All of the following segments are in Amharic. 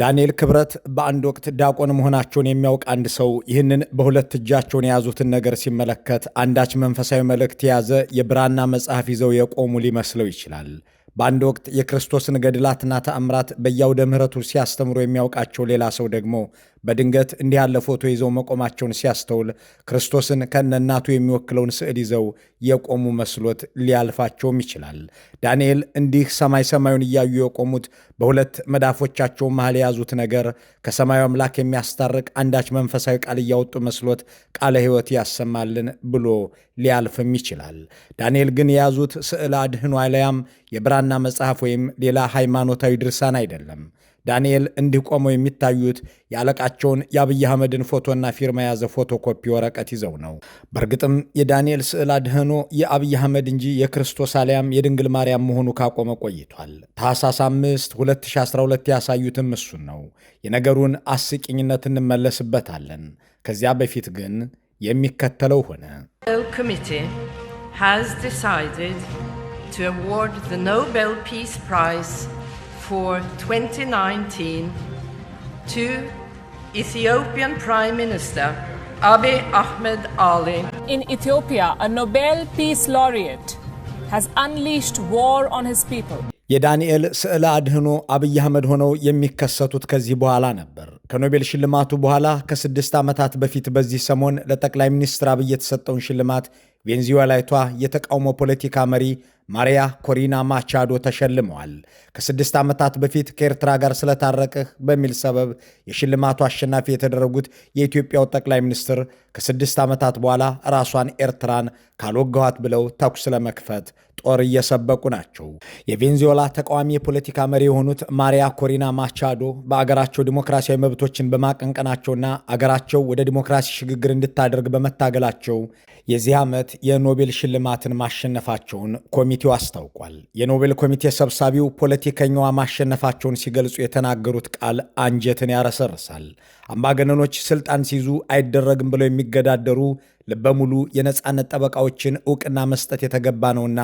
ዳንኤል ክብረት በአንድ ወቅት ዲያቆን መሆናቸውን የሚያውቅ አንድ ሰው ይህንን በሁለት እጃቸውን የያዙትን ነገር ሲመለከት አንዳች መንፈሳዊ መልእክት የያዘ የብራና መጽሐፍ ይዘው የቆሙ ሊመስለው ይችላል። በአንድ ወቅት የክርስቶስን ገድላትና ተአምራት በያውደ ምሕረቱ ሲያስተምሩ የሚያውቃቸው ሌላ ሰው ደግሞ በድንገት እንዲህ ያለ ፎቶ ይዘው መቆማቸውን ሲያስተውል ክርስቶስን ከነ እናቱ የሚወክለውን ስዕል ይዘው የቆሙ መስሎት ሊያልፋቸውም ይችላል። ዳንኤል እንዲህ ሰማይ ሰማዩን እያዩ የቆሙት በሁለት መዳፎቻቸው መሃል የያዙት ነገር ከሰማዩ አምላክ የሚያስታርቅ አንዳች መንፈሳዊ ቃል እያወጡ መስሎት ቃለ ሕይወት ያሰማልን ብሎ ሊያልፍም ይችላል። ዳንኤል ግን የያዙት ስዕል አድህኖ አለያም የብራና መጽሐፍ ወይም ሌላ ሃይማኖታዊ ድርሳን አይደለም። ዳንኤል እንዲህ ቆመው የሚታዩት የአለቃቸውን የአብይ አህመድን ፎቶና ፊርማ የያዘ ፎቶኮፒ ወረቀት ይዘው ነው። በእርግጥም የዳንኤል ስዕል አድህኖ የአብይ አህመድ እንጂ የክርስቶስ አሊያም የድንግል ማርያም መሆኑ ካቆመ ቆይቷል። ታሳስ 5 2012 ያሳዩትም እሱን ነው። የነገሩን አስቂኝነት እንመለስበታለን። ከዚያ በፊት ግን የሚከተለው ሆነ። Ethiopian Prime Minister Abiy Ahmed Ali. In Ethiopia, a Nobel Peace Laureate has unleashed war on his people. የዳንኤል ስዕለ አድህኖ አብይ አህመድ ሆነው የሚከሰቱት ከዚህ በኋላ ነበር። ከኖቤል ሽልማቱ በኋላ ከስድስት ዓመታት በፊት በዚህ ሰሞን ለጠቅላይ ሚኒስትር አብይ የተሰጠውን ሽልማት ቬንዙዌላዊቷ የተቃውሞ ፖለቲካ መሪ ማሪያ ኮሪና ማቻዶ ተሸልመዋል። ከስድስት ዓመታት በፊት ከኤርትራ ጋር ስለታረቅህ በሚል ሰበብ የሽልማቱ አሸናፊ የተደረጉት የኢትዮጵያው ጠቅላይ ሚኒስትር ከስድስት ዓመታት በኋላ ራሷን ኤርትራን ካልወገኋት ብለው ተኩስ ለመክፈት ጦር እየሰበቁ ናቸው። የቬንዙዌላ ተቃዋሚ የፖለቲካ መሪ የሆኑት ማሪያ ኮሪና ማቻዶ በአገራቸው ዲሞክራሲያዊ መብቶችን በማቀንቀናቸውና አገራቸው ወደ ዲሞክራሲ ሽግግር እንድታደርግ በመታገላቸው የዚህ ዓመት የኖቤል ሽልማትን ማሸነፋቸውን ኮሚቴው አስታውቋል። የኖቤል ኮሚቴ ሰብሳቢው ፖለቲከኛዋ ማሸነፋቸውን ሲገልጹ የተናገሩት ቃል አንጀትን ያረሰርሳል። አምባገነኖች ስልጣን ሲይዙ አይደረግም ብለው የሚገዳደሩ በሙሉ የነፃነት ጠበቃዎችን እውቅና መስጠት የተገባ ነውና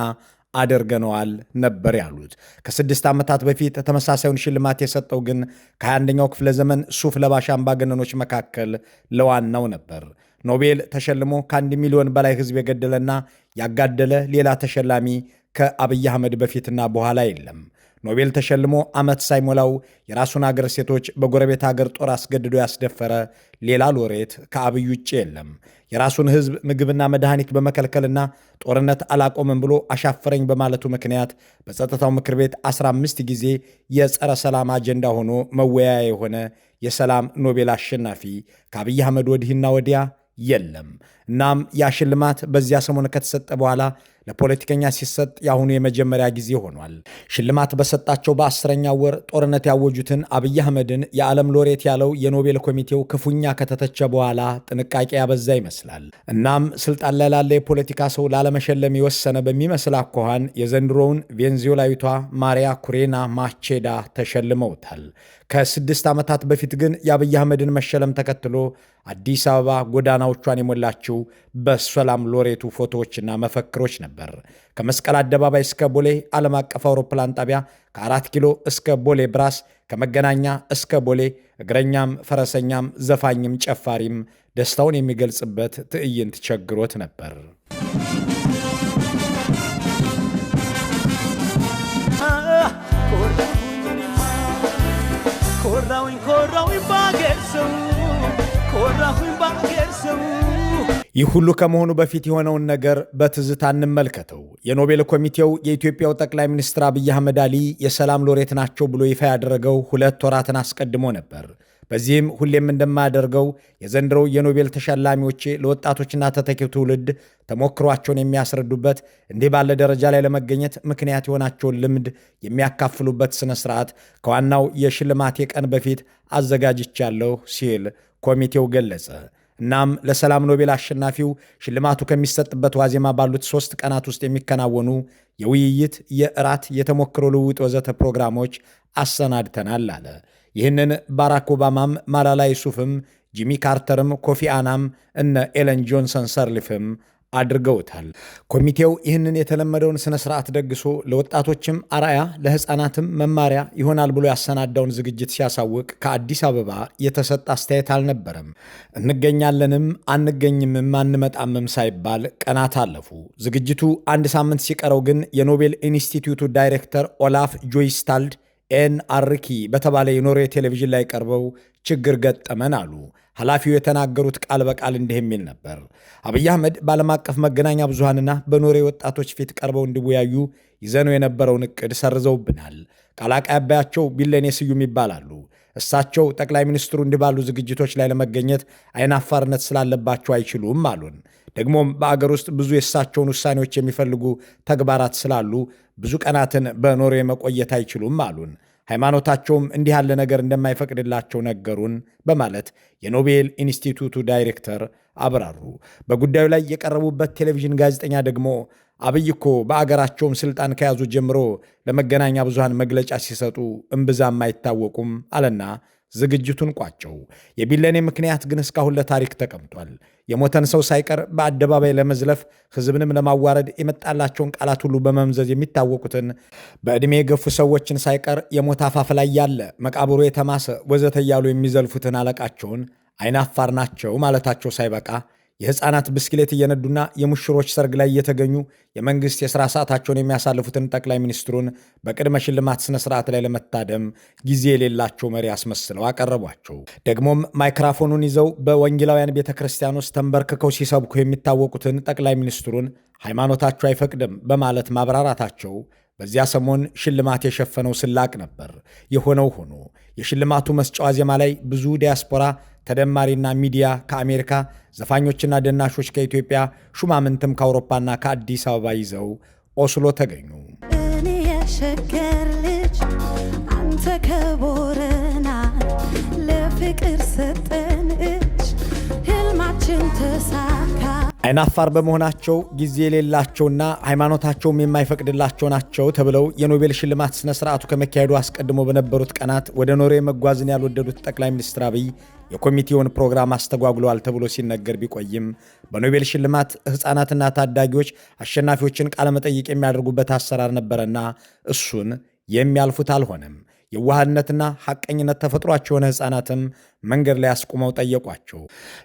አድርገነዋል ነበር ያሉት። ከስድስት ዓመታት በፊት ተመሳሳዩን ሽልማት የሰጠው ግን ከ21ኛው ክፍለ ዘመን ሱፍ ለባሽ አምባገነኖች መካከል ለዋናው ነበር። ኖቤል ተሸልሞ ከአንድ ሚሊዮን በላይ ሕዝብ የገደለና ያጋደለ ሌላ ተሸላሚ ከአብይ አህመድ በፊትና በኋላ የለም። ኖቤል ተሸልሞ ዓመት ሳይሞላው የራሱን አገር ሴቶች በጎረቤት አገር ጦር አስገድዶ ያስደፈረ ሌላ ሎሬት ከአብይ ውጭ የለም። የራሱን ሕዝብ ምግብና መድኃኒት በመከልከልና ጦርነት አላቆምም ብሎ አሻፈረኝ በማለቱ ምክንያት በጸጥታው ምክር ቤት 15 ጊዜ የጸረ ሰላም አጀንዳ ሆኖ መወያያ የሆነ የሰላም ኖቤል አሸናፊ ከአብይ አህመድ ወዲህና ወዲያ የለም። እናም ያ ሽልማት በዚያ ሰሞን ከተሰጠ በኋላ ለፖለቲከኛ ሲሰጥ የአሁኑ የመጀመሪያ ጊዜ ሆኗል። ሽልማት በሰጣቸው በአስረኛው ወር ጦርነት ያወጁትን አብይ አህመድን የዓለም ሎሬት ያለው የኖቤል ኮሚቴው ክፉኛ ከተተቸ በኋላ ጥንቃቄ ያበዛ ይመስላል። እናም ስልጣን ላይ ላለ የፖለቲካ ሰው ላለመሸለም የወሰነ በሚመስል አኳኋን የዘንድሮውን ቬንዙዌላዊቷ ማሪያ ኩሬና ማቼዳ ተሸልመውታል። ከስድስት ዓመታት በፊት ግን የአብይ አህመድን መሸለም ተከትሎ አዲስ አበባ ጎዳናዎቿን የሞላችው በሰላም ሎሬቱ ፎቶዎችና መፈክሮች ነበር። ከመስቀል አደባባይ እስከ ቦሌ ዓለም አቀፍ አውሮፕላን ጣቢያ፣ ከአራት ኪሎ እስከ ቦሌ ብራስ፣ ከመገናኛ እስከ ቦሌ እግረኛም ፈረሰኛም ዘፋኝም ጨፋሪም ደስታውን የሚገልጽበት ትዕይንት ቸግሮት ነበር። ይህ ሁሉ ከመሆኑ በፊት የሆነውን ነገር በትዝታ እንመልከተው። የኖቤል ኮሚቴው የኢትዮጵያው ጠቅላይ ሚኒስትር አብይ አህመድ አሊ የሰላም ሎሬት ናቸው ብሎ ይፋ ያደረገው ሁለት ወራትን አስቀድሞ ነበር። በዚህም ሁሌም እንደማያደርገው የዘንድሮው የኖቤል ተሸላሚዎች ለወጣቶችና ተተኪው ትውልድ ተሞክሯቸውን የሚያስረዱበት እንዲህ ባለ ደረጃ ላይ ለመገኘት ምክንያት የሆናቸውን ልምድ የሚያካፍሉበት ስነ ስርዓት ከዋናው የሽልማቴ ቀን በፊት አዘጋጅቻለሁ ሲል ኮሚቴው ገለጸ። እናም ለሰላም ኖቤል አሸናፊው ሽልማቱ ከሚሰጥበት ዋዜማ ባሉት ሶስት ቀናት ውስጥ የሚከናወኑ የውይይት፣ የእራት፣ የተሞክሮ ልውውጥ ወዘተ ፕሮግራሞች አሰናድተናል አለ። ይህንን ባራክ ኦባማም ማላላ ዩሱፍም ጂሚ ካርተርም ኮፊ አናም እነ ኤለን ጆንሰን ሰርሊፍም አድርገውታል። ኮሚቴው ይህንን የተለመደውን ስነ ስርዓት ደግሶ ለወጣቶችም አርአያ ለህፃናትም መማሪያ ይሆናል ብሎ ያሰናዳውን ዝግጅት ሲያሳውቅ ከአዲስ አበባ የተሰጠ አስተያየት አልነበረም። እንገኛለንም አንገኝምም አንመጣምም ሳይባል ቀናት አለፉ። ዝግጅቱ አንድ ሳምንት ሲቀረው ግን የኖቤል ኢንስቲትዩቱ ዳይሬክተር ኦላፍ ጆይስታልድ ኤን አርኪ በተባለ የኖርዌይ ቴሌቪዥን ላይ ቀርበው ችግር ገጠመን አሉ። ኃላፊው የተናገሩት ቃል በቃል እንዲህ የሚል ነበር። አብይ አህመድ በዓለም አቀፍ መገናኛ ብዙሃንና በኖሬ ወጣቶች ፊት ቀርበው እንዲወያዩ ይዘነው የነበረውን እቅድ ሰርዘውብናል። ቃል አቀባያቸው ቢለኔ ስዩም ይባላሉ። እሳቸው ጠቅላይ ሚኒስትሩ እንዲህ ባሉ ዝግጅቶች ላይ ለመገኘት አይናፋርነት ስላለባቸው አይችሉም አሉን። ደግሞም በአገር ውስጥ ብዙ የእሳቸውን ውሳኔዎች የሚፈልጉ ተግባራት ስላሉ ብዙ ቀናትን በኖሬ መቆየት አይችሉም አሉን። ሃይማኖታቸውም እንዲህ ያለ ነገር እንደማይፈቅድላቸው ነገሩን በማለት የኖቤል ኢንስቲቱቱ ዳይሬክተር አብራሩ። በጉዳዩ ላይ የቀረቡበት ቴሌቪዥን ጋዜጠኛ ደግሞ አብይ እኮ በአገራቸውም ስልጣን ከያዙ ጀምሮ ለመገናኛ ብዙሃን መግለጫ ሲሰጡ እምብዛም አይታወቁም አለና ዝግጅቱን ቋጨው። የቢለኔ ምክንያት ግን እስካሁን ለታሪክ ተቀምጧል። የሞተን ሰው ሳይቀር በአደባባይ ለመዝለፍ ሕዝብንም ለማዋረድ የመጣላቸውን ቃላት ሁሉ በመምዘዝ የሚታወቁትን በዕድሜ የገፉ ሰዎችን ሳይቀር የሞት አፋፍ ላይ ያለ መቃብሩ የተማሰ ወዘተ እያሉ የሚዘልፉትን አለቃቸውን አይናፋር ናቸው ማለታቸው ሳይበቃ የህፃናት ብስክሌት እየነዱና የሙሽሮች ሰርግ ላይ እየተገኙ የመንግስት የሥራ ሰዓታቸውን የሚያሳልፉትን ጠቅላይ ሚኒስትሩን በቅድመ ሽልማት ስነ ስርዓት ላይ ለመታደም ጊዜ የሌላቸው መሪ አስመስለው አቀረቧቸው። ደግሞም ማይክራፎኑን ይዘው በወንጌላውያን ቤተ ክርስቲያን ውስጥ ተንበርክከው ሲሰብኩ የሚታወቁትን ጠቅላይ ሚኒስትሩን ሃይማኖታቸው አይፈቅድም በማለት ማብራራታቸው በዚያ ሰሞን ሽልማት የሸፈነው ስላቅ ነበር። የሆነው ሆኖ የሽልማቱ መስጫ ዋዜማ ላይ ብዙ ዲያስፖራ ተደማሪና ሚዲያ ከአሜሪካ ዘፋኞችና ደናሾች ከኢትዮጵያ ሹማምንትም ከአውሮፓና ከአዲስ አበባ ይዘው ኦስሎ ተገኙ። እኔ የሸገር ልጅ አንተ ከቦረና ለፍቅር ሰጠን እጅ ህልማችን ተሳካ። አይናፋር በመሆናቸው ጊዜ የሌላቸውና ሃይማኖታቸውም የማይፈቅድላቸው ናቸው ተብለው የኖቤል ሽልማት ስነ ስርዓቱ ከመካሄዱ አስቀድሞ በነበሩት ቀናት ወደ ኖሬ መጓዝን ያልወደዱት ጠቅላይ ሚኒስትር አብይ የኮሚቴውን ፕሮግራም አስተጓጉለዋል ተብሎ ሲነገር ቢቆይም በኖቤል ሽልማት ሕፃናትና ታዳጊዎች አሸናፊዎችን ቃለመጠይቅ የሚያደርጉበት አሰራር ነበረና እሱን የሚያልፉት አልሆነም። የዋህነትና ሐቀኝነት ተፈጥሯቸው የሆነ ሕፃናትም መንገድ ላይ አስቁመው ጠየቋቸው።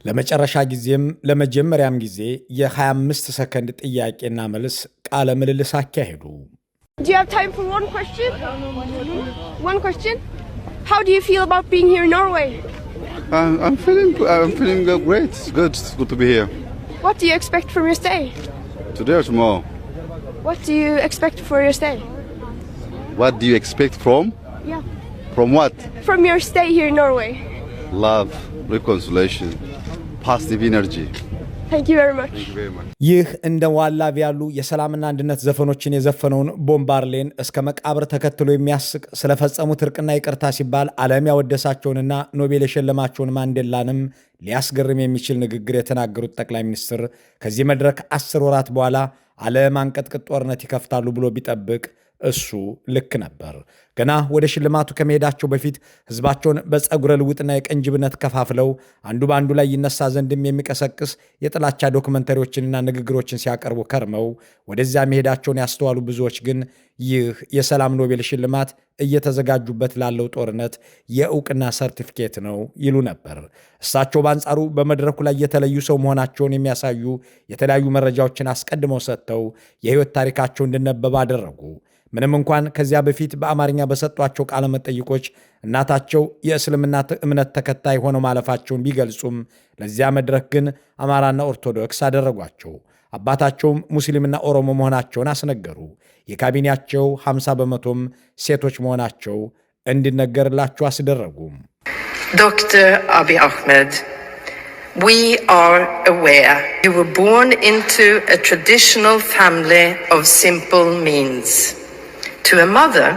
ለመጨረሻ ጊዜም ለመጀመሪያም ጊዜ የ25 ሰከንድ ጥያቄና መልስ ቃለ ምልልስ አካሄዱ። What do you expect for your stay? What do you expect from Yeah. From what? From your stay here in Norway. Love, reconciliation, positive energy. ይህ እንደ ዋላቭ ያሉ የሰላምና አንድነት ዘፈኖችን የዘፈነውን ቦምባርሌን እስከ መቃብር ተከትሎ የሚያስቅ ስለፈጸሙት እርቅና ይቅርታ ሲባል ዓለም ያወደሳቸውንና ኖቤል የሸለማቸውን ማንዴላንም ሊያስገርም የሚችል ንግግር የተናገሩት ጠቅላይ ሚኒስትር ከዚህ መድረክ አስር ወራት በኋላ ዓለም አንቀጥቅጥ ጦርነት ይከፍታሉ ብሎ ቢጠብቅ እሱ ልክ ነበር። ገና ወደ ሽልማቱ ከመሄዳቸው በፊት ህዝባቸውን በፀጉረ ልውጥና የቀንጅብነት ከፋፍለው አንዱ በአንዱ ላይ ይነሳ ዘንድም የሚቀሰቅስ የጥላቻ ዶክመንተሪዎችንና ንግግሮችን ሲያቀርቡ ከርመው ወደዚያ መሄዳቸውን ያስተዋሉ ብዙዎች ግን ይህ የሰላም ኖቤል ሽልማት እየተዘጋጁበት ላለው ጦርነት የእውቅና ሰርቲፊኬት ነው ይሉ ነበር። እሳቸው በአንጻሩ በመድረኩ ላይ የተለዩ ሰው መሆናቸውን የሚያሳዩ የተለያዩ መረጃዎችን አስቀድመው ሰጥተው የህይወት ታሪካቸው እንዲነበብ አደረጉ። ምንም እንኳን ከዚያ በፊት በአማርኛ በሰጧቸው ቃለ መጠይቆች እናታቸው የእስልምና እምነት ተከታይ ሆነው ማለፋቸውን ቢገልጹም ለዚያ መድረክ ግን አማራና ኦርቶዶክስ አደረጓቸው። አባታቸውም ሙስሊምና ኦሮሞ መሆናቸውን አስነገሩ። የካቢኔያቸው 50 በመቶም ሴቶች መሆናቸው እንዲነገርላቸው አስደረጉም። ዶክተር አቢ አህመድ We are aware you were born into a traditional family of simple means. to a mother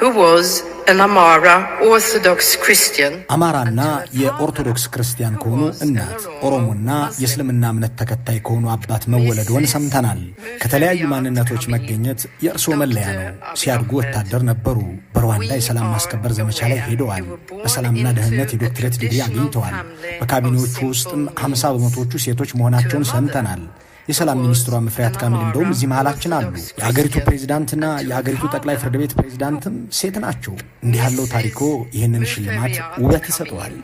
who was an Amara Orthodox Christian. አማራና የኦርቶዶክስ ክርስቲያን ከሆኑ እናት፣ ኦሮሞና የእስልምና እምነት ተከታይ ከሆኑ አባት መወለድዎን ሰምተናል። ከተለያዩ ማንነቶች መገኘት የእርስዎ መለያ ነው። ሲያድጉ ወታደር ነበሩ። በሩዋንዳ የሰላም ማስከበር ዘመቻ ላይ ሄደዋል። በሰላምና ደህንነት የዶክትሬት ዲግሪ አግኝተዋል። በካቢኔዎቹ ውስጥም 50 በመቶዎቹ ሴቶች መሆናቸውን ሰምተናል። የሰላም ሚኒስትሯ መፍሪያት ካሚል እንደውም እዚህ መሀላችን አሉ። የሀገሪቱ ፕሬዚዳንትና የሀገሪቱ ጠቅላይ ፍርድ ቤት ፕሬዚዳንትም ሴት ናቸው። እንዲህ ያለው ታሪኮ ይህንን ሽልማት ውበት ይሰጠዋል።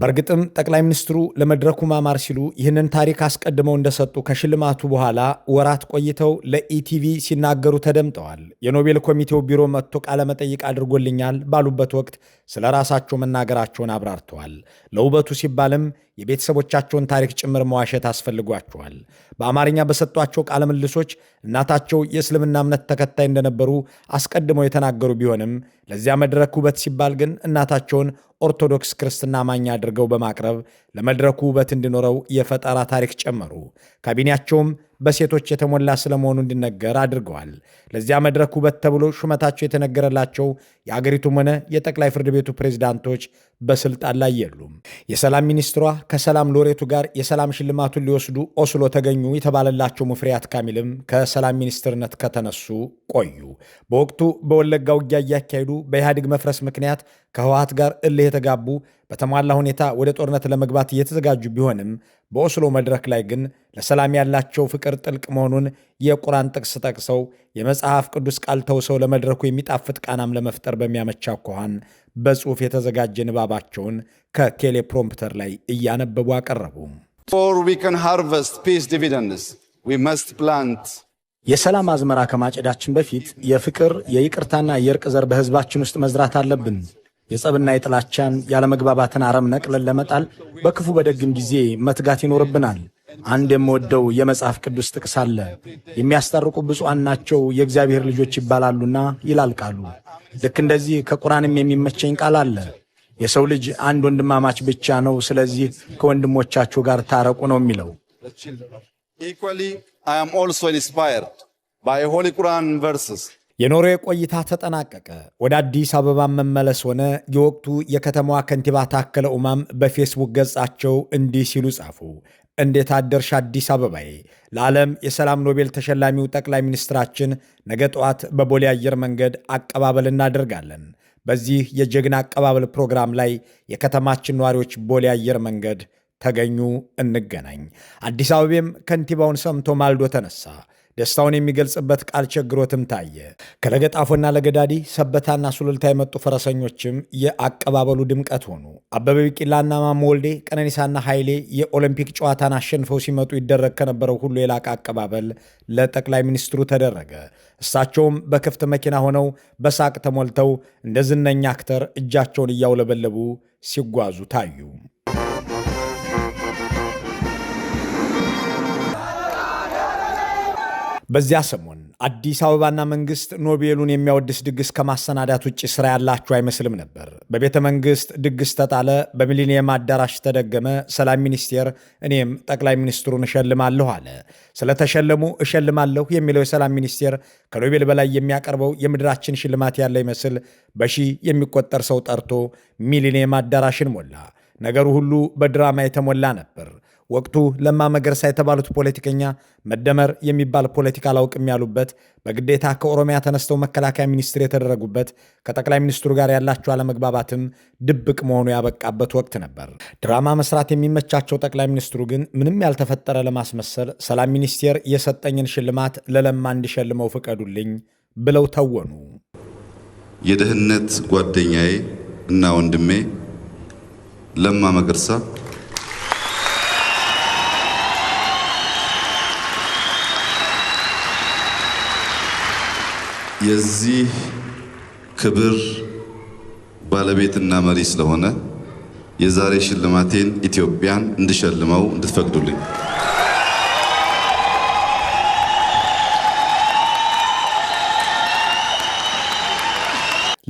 በእርግጥም ጠቅላይ ሚኒስትሩ ለመድረኩ ማማር ሲሉ ይህንን ታሪክ አስቀድመው እንደሰጡ ከሽልማቱ በኋላ ወራት ቆይተው ለኢቲቪ ሲናገሩ ተደምጠዋል። የኖቤል ኮሚቴው ቢሮ መጥቶ ቃለመጠይቅ አድርጎልኛል ባሉበት ወቅት ስለ ራሳቸው መናገራቸውን አብራርተዋል። ለውበቱ ሲባልም የቤተሰቦቻቸውን ታሪክ ጭምር መዋሸት አስፈልጓቸዋል። በአማርኛ በሰጧቸው ቃለ ምልሶች እናታቸው የእስልምና እምነት ተከታይ እንደነበሩ አስቀድመው የተናገሩ ቢሆንም ለዚያ መድረክ ውበት ሲባል ግን እናታቸውን ኦርቶዶክስ ክርስትና ማኛ አድርገው በማቅረብ ለመድረኩ ውበት እንዲኖረው የፈጠራ ታሪክ ጨመሩ። ካቢኔያቸውም በሴቶች የተሞላ ስለመሆኑ እንዲነገር አድርገዋል። ለዚያ መድረክ ውበት ተብሎ ሹመታቸው የተነገረላቸው የአገሪቱም ሆነ የጠቅላይ ፍርድ ቤቱ ፕሬዝዳንቶች በስልጣን ላይ የሉም። የሰላም ሚኒስትሯ ከሰላም ሎሬቱ ጋር የሰላም ሽልማቱን ሊወስዱ ኦስሎ ተገኙ የተባለላቸው ሙፈሪያት ካሚልም ከሰላም ሚኒስትርነት ከተነሱ ቆዩ። በወቅቱ በወለጋ ውጊያ እያካሄዱ በኢህአዴግ መፍረስ ምክንያት ከህወሀት ጋር እልህ የተጋቡ በተሟላ ሁኔታ ወደ ጦርነት ለመግባት እየተዘጋጁ ቢሆንም በኦስሎ መድረክ ላይ ግን ለሰላም ያላቸው ፍቅር ጥልቅ መሆኑን የቁራን ጥቅስ ጠቅሰው የመጽሐፍ ቅዱስ ቃል ተውሰው ለመድረኩ የሚጣፍጥ ቃናም ለመፍጠር በሚያመቻ አኳኋን በጽሑፍ የተዘጋጀ ንባባቸውን ከቴሌፕሮምፕተር ላይ እያነበቡ አቀረቡ። የሰላም አዝመራ ከማጨዳችን በፊት የፍቅር የይቅርታና የእርቅ ዘር በህዝባችን ውስጥ መዝራት አለብን። የጸብና የጥላቻን ያለመግባባትን አረም ነቅለን ለመጣል በክፉ በደግም ጊዜ መትጋት ይኖርብናል። አንድ የምወደው የመጽሐፍ ቅዱስ ጥቅስ አለ። የሚያስታርቁ ብፁዓን ናቸው የእግዚአብሔር ልጆች ይባላሉና ይላልቃሉ። ልክ እንደዚህ ከቁርአንም የሚመቸኝ ቃል አለ። የሰው ልጅ አንድ ወንድማማች ብቻ ነው፣ ስለዚህ ከወንድሞቻችሁ ጋር ታረቁ ነው የሚለው። ኢኳሊ አይ አም ኦልሶ ኢንስፓየርድ ባይ ሆሊ ቁርአን ቨርስስ የኖሬ ቆይታ ተጠናቀቀ። ወደ አዲስ አበባ መመለስ ሆነ። የወቅቱ የከተማዋ ከንቲባ ታከለ ኡማም በፌስቡክ ገጻቸው እንዲህ ሲሉ ጻፉ። እንዴት አደርሽ አዲስ አበባዬ። ለዓለም የሰላም ኖቤል ተሸላሚው ጠቅላይ ሚኒስትራችን ነገ ጠዋት በቦሌ አየር መንገድ አቀባበል እናደርጋለን። በዚህ የጀግና አቀባበል ፕሮግራም ላይ የከተማችን ነዋሪዎች ቦሌ አየር መንገድ ተገኙ፣ እንገናኝ። አዲስ አበቤም ከንቲባውን ሰምቶ ማልዶ ተነሳ። ደስታውን የሚገልጽበት ቃል ቸግሮትም ታየ። ከለገጣፎና ለገዳዲ ሰበታና ሱሉልታ የመጡ ፈረሰኞችም የአቀባበሉ ድምቀት ሆኑ። አበበ ቢቂላና ማሞ ወልዴ፣ ቀነኒሳና ኃይሌ የኦሎምፒክ ጨዋታን አሸንፈው ሲመጡ ይደረግ ከነበረው ሁሉ የላቀ አቀባበል ለጠቅላይ ሚኒስትሩ ተደረገ። እሳቸውም በክፍት መኪና ሆነው በሳቅ ተሞልተው እንደ ዝነኛ አክተር እጃቸውን እያውለበለቡ ሲጓዙ ታዩ። በዚያ ሰሞን አዲስ አበባና መንግስት ኖቤሉን የሚያወድስ ድግስ ከማሰናዳት ውጭ ስራ ያላችሁ አይመስልም ነበር። በቤተ መንግስት ድግስ ተጣለ፣ በሚሊኒየም አዳራሽ ተደገመ። ሰላም ሚኒስቴር እኔም ጠቅላይ ሚኒስትሩን እሸልማለሁ አለ። ስለተሸለሙ እሸልማለሁ የሚለው የሰላም ሚኒስቴር ከኖቤል በላይ የሚያቀርበው የምድራችን ሽልማት ያለ ይመስል በሺህ የሚቆጠር ሰው ጠርቶ ሚሊኒየም አዳራሽን ሞላ። ነገሩ ሁሉ በድራማ የተሞላ ነበር። ወቅቱ ለማ መገርሳ የተባሉት ፖለቲከኛ መደመር የሚባል ፖለቲካ አላውቅም ያሉበት፣ በግዴታ ከኦሮሚያ ተነስተው መከላከያ ሚኒስትር የተደረጉበት፣ ከጠቅላይ ሚኒስትሩ ጋር ያላቸው አለመግባባትም ድብቅ መሆኑ ያበቃበት ወቅት ነበር። ድራማ መስራት የሚመቻቸው ጠቅላይ ሚኒስትሩ ግን ምንም ያልተፈጠረ ለማስመሰል ሰላም ሚኒስቴር የሰጠኝን ሽልማት ለለማ እንዲሸልመው ፍቀዱልኝ ብለው ተወኑ። የደህንነት ጓደኛዬ እና ወንድሜ ለማ መገርሳ የዚህ ክብር ባለቤትና መሪ ስለሆነ የዛሬ ሽልማቴን ኢትዮጵያን እንድሸልመው እንድትፈቅዱልኝ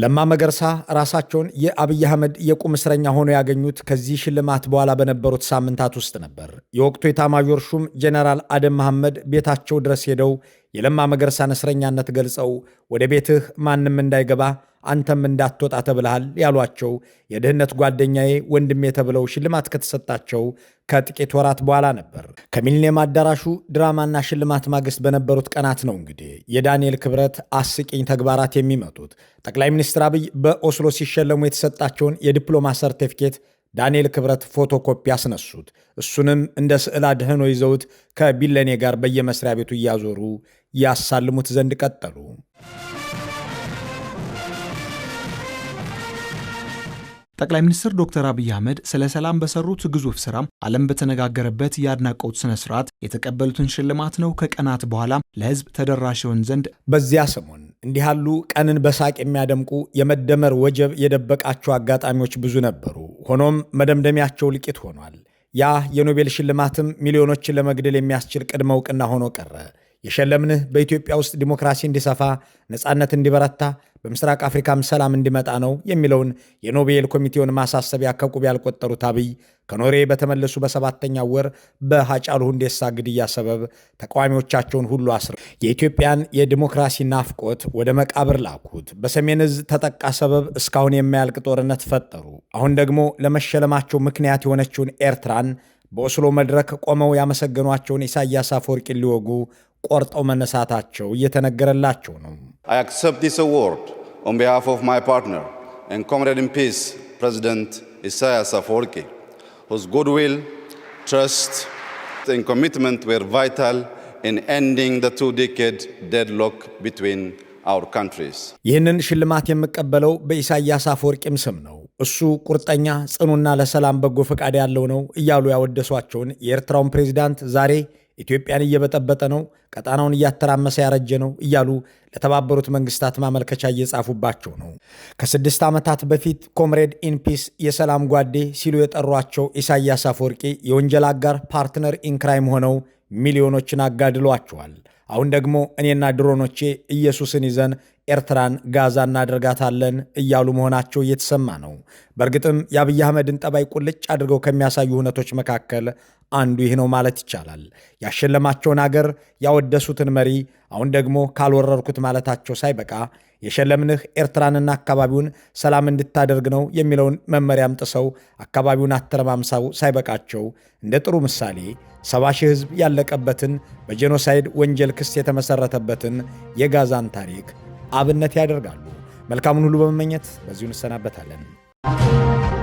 ለማ መገርሳ ራሳቸውን የአብይ አህመድ የቁም እስረኛ ሆነው ያገኙት ከዚህ ሽልማት በኋላ በነበሩት ሳምንታት ውስጥ ነበር። የወቅቱ የታማዦር ሹም ጀነራል አደም መሐመድ ቤታቸው ድረስ ሄደው የለማ መገርሳን እስረኛነት ገልጸው ወደ ቤትህ ማንም እንዳይገባ አንተም እንዳትወጣ ተብልሃል ያሏቸው የድህነት ጓደኛዬ ወንድሜ ተብለው ሽልማት ከተሰጣቸው ከጥቂት ወራት በኋላ ነበር። ከሚሊኒየም አዳራሹ ድራማና ሽልማት ማግስት በነበሩት ቀናት ነው እንግዲህ የዳንኤል ክብረት አስቂኝ ተግባራት የሚመጡት። ጠቅላይ ሚኒስትር አብይ በኦስሎ ሲሸለሙ የተሰጣቸውን የዲፕሎማ ሰርቲፊኬት ዳንኤል ክብረት ፎቶኮፒ አስነሱት እሱንም እንደ ስዕል አድህኖ ይዘውት ከቢለኔ ጋር በየመስሪያ ቤቱ እያዞሩ ያሳልሙት ዘንድ ቀጠሉ። ጠቅላይ ሚኒስትር ዶክተር አብይ አህመድ ስለ ሰላም በሰሩት ግዙፍ ስራም ዓለም በተነጋገረበት የአድናቆት ስነ ስርዓት የተቀበሉትን ሽልማት ነው ከቀናት በኋላም ለህዝብ ተደራሽ ይሆን ዘንድ በዚያ ሰሞን እንዲህ ያሉ ቀንን በሳቅ የሚያደምቁ የመደመር ወጀብ የደበቃቸው አጋጣሚዎች ብዙ ነበሩ። ሆኖም መደምደሚያቸው ልቂት ሆኗል። ያ የኖቤል ሽልማትም ሚሊዮኖችን ለመግደል የሚያስችል ቅድመ እውቅና ሆኖ ቀረ። የሸለምንህ በኢትዮጵያ ውስጥ ዲሞክራሲ እንዲሰፋ፣ ነፃነት እንዲበረታ፣ በምስራቅ አፍሪካም ሰላም እንዲመጣ ነው የሚለውን የኖቤል ኮሚቴውን ማሳሰቢያ ከቁብ ያልቆጠሩት አብይ ከኖሬ በተመለሱ በሰባተኛው ወር በሃጫሉ ሁንዴሳ ግድያ ሰበብ ተቃዋሚዎቻቸውን ሁሉ አስር የኢትዮጵያን የዲሞክራሲ ናፍቆት ወደ መቃብር ላኩት። በሰሜን ዕዝ ተጠቃ ሰበብ እስካሁን የማያልቅ ጦርነት ፈጠሩ። አሁን ደግሞ ለመሸለማቸው ምክንያት የሆነችውን ኤርትራን በኦስሎ መድረክ ቆመው ያመሰገኗቸውን ኢሳያስ አፈወርቂን ሊወጉ ቆርጠው መነሳታቸው እየተነገረላቸው ነው። አይ አክሰፕት ዲስ አዋርድ ኦን ቢሃፍ ኦፍ ኢሳያስ አፈወርቂ ሁዝ ጉድ ዊል ትረስት ኤንድ ኮሚትመንት ዌር ቫይታል ኢን ኤንዲንግ ዘ ቱ ዲኬድ ይህንን ሽልማት የምቀበለው በኢሳያስ አፈወርቂም ስም ነው። እሱ ቁርጠኛ ጽኑና ለሰላም በጎ ፈቃድ ያለው ነው እያሉ ያወደሷቸውን የኤርትራውን ፕሬዚዳንት ዛሬ ኢትዮጵያን እየበጠበጠ ነው፣ ቀጣናውን እያተራመሰ ያረጀ ነው እያሉ ለተባበሩት መንግስታት ማመልከቻ እየጻፉባቸው ነው። ከስድስት ዓመታት በፊት ኮምሬድ ኢንፒስ የሰላም ጓዴ ሲሉ የጠሯቸው ኢሳያስ አፈወርቂ የወንጀል አጋር ፓርትነር ኢንክራይም ሆነው ሚሊዮኖችን አጋድሏቸዋል። አሁን ደግሞ እኔና ድሮኖቼ ኢየሱስን ይዘን ኤርትራን ጋዛ እናደርጋታለን እያሉ መሆናቸው እየተሰማ ነው። በእርግጥም የአብይ አህመድን ጠባይ ቁልጭ አድርገው ከሚያሳዩ እውነቶች መካከል አንዱ ይህ ነው ማለት ይቻላል። ያሸለማቸውን አገር ያወደሱትን መሪ አሁን ደግሞ ካልወረርኩት ማለታቸው ሳይበቃ የሸለምንህ ኤርትራንና አካባቢውን ሰላም እንድታደርግ ነው የሚለውን መመሪያም ጥሰው አካባቢውን አተረማምሰው ሳይበቃቸው እንደ ጥሩ ምሳሌ ሰባ ሺህ ሕዝብ ያለቀበትን በጄኖሳይድ ወንጀል ክስ የተመሰረተበትን የጋዛን ታሪክ አብነት ያደርጋሉ። መልካሙን ሁሉ በመመኘት በዚሁ እንሰናበታለን።